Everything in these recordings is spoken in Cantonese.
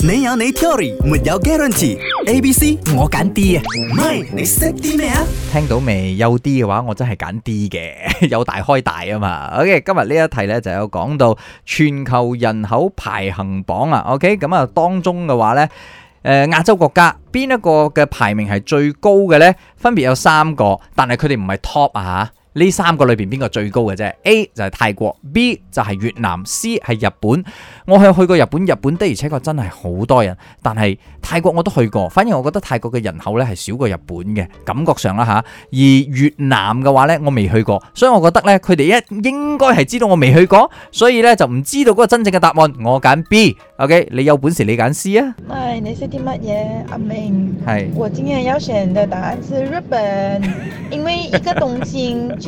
你有你 theory，沒有 guarantee。A B C 我揀 D 啊，唔係你識啲咩啊？聽到未？有 D 嘅話，我真係揀 D 嘅， 有大開大啊嘛。OK，今日呢一題咧就有講到全球人口排行榜啊。OK，咁、嗯、啊當中嘅話咧，誒、呃、亞洲國家邊一個嘅排名係最高嘅咧？分別有三個，但係佢哋唔係 top 啊吓。呢三個裏邊邊個最高嘅啫？A 就係泰國，B 就係越南，C 係日本。我係去過日本，日本的而且確真係好多人。但係泰國我都去過，反而我覺得泰國嘅人口咧係少過日本嘅感覺上啦吓、啊，而越南嘅話咧，我未去過，所以我覺得咧佢哋一應該係知道我未去過，所以咧就唔知道嗰個真正嘅答案。我揀 B，OK？Okay? 你有本事你揀 C 啊？唉，你識啲乜嘢？阿明係我今日要選嘅答案是日本，因為一個東京。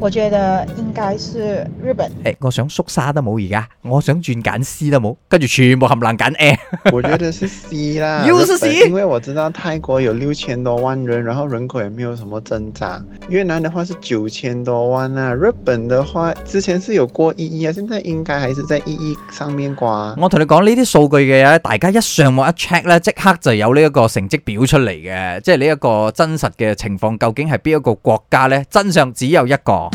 我覺得應該是日本。誒，hey, 我想縮沙都冇而家，我想轉緊 C 都冇，跟住全部冚爛緊誒。 我覺得是 C 啦，因為我知道泰國有六千多萬人，然後人口也沒有什麼增長。越南的話是九千多萬啊，日本的話之前是有過一億，啊，現在應該還是在一億上面啩、啊。我同你講呢啲數據嘅，大家一上網一 check 呢即刻就有呢一個成績表出嚟嘅，即係呢一個真實嘅情況究竟係邊一個國家呢？真相只有一個。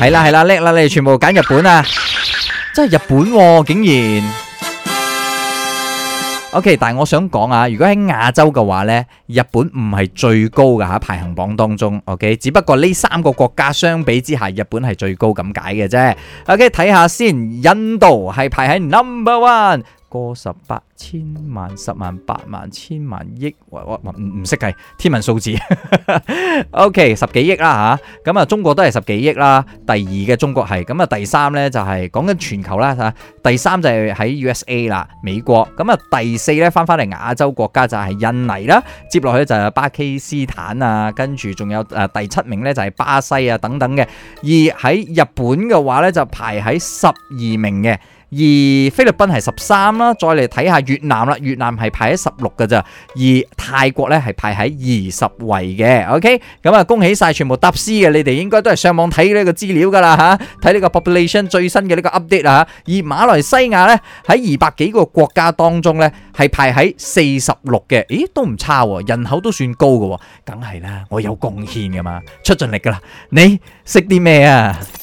係啦係啦叻啦，你哋全部揀日本啊！真係日本喎，竟然。OK，但係我想講啊，如果喺亞洲嘅話呢，日本唔係最高噶吓，啊，排行榜當中。OK，只不過呢三個國家相比之下，日本係最高咁解嘅啫。OK，睇下先，印度係排喺 number one。過十八千萬、十萬、八萬、千萬億，唔唔識計天文數字。O K，十幾億啦吓，咁啊中國都係十幾億啦。第二嘅中國係，咁啊第三呢就係講緊全球啦嚇。第三就係喺 U S A 啦，美國。咁啊第四呢翻翻嚟亞洲國家就係印尼啦。接落去就係巴基斯坦啊，跟住仲有誒第七名呢就係巴西啊等等嘅。而喺日本嘅話呢，就排喺十二名嘅。而菲律賓係十三啦，再嚟睇下越南啦，越南係排喺十六㗎咋，而泰國咧係排喺二十位嘅。OK，咁啊恭喜晒全部答 C 嘅，你哋應該都係上網睇呢個資料噶啦嚇，睇呢個 population 最新嘅呢個 update 啦，而馬來西亞呢，喺二百幾個國家當中呢，係排喺四十六嘅，咦都唔差喎、啊，人口都算高嘅喎、啊，梗係啦，我有貢獻噶嘛，出盡力噶啦，你識啲咩啊？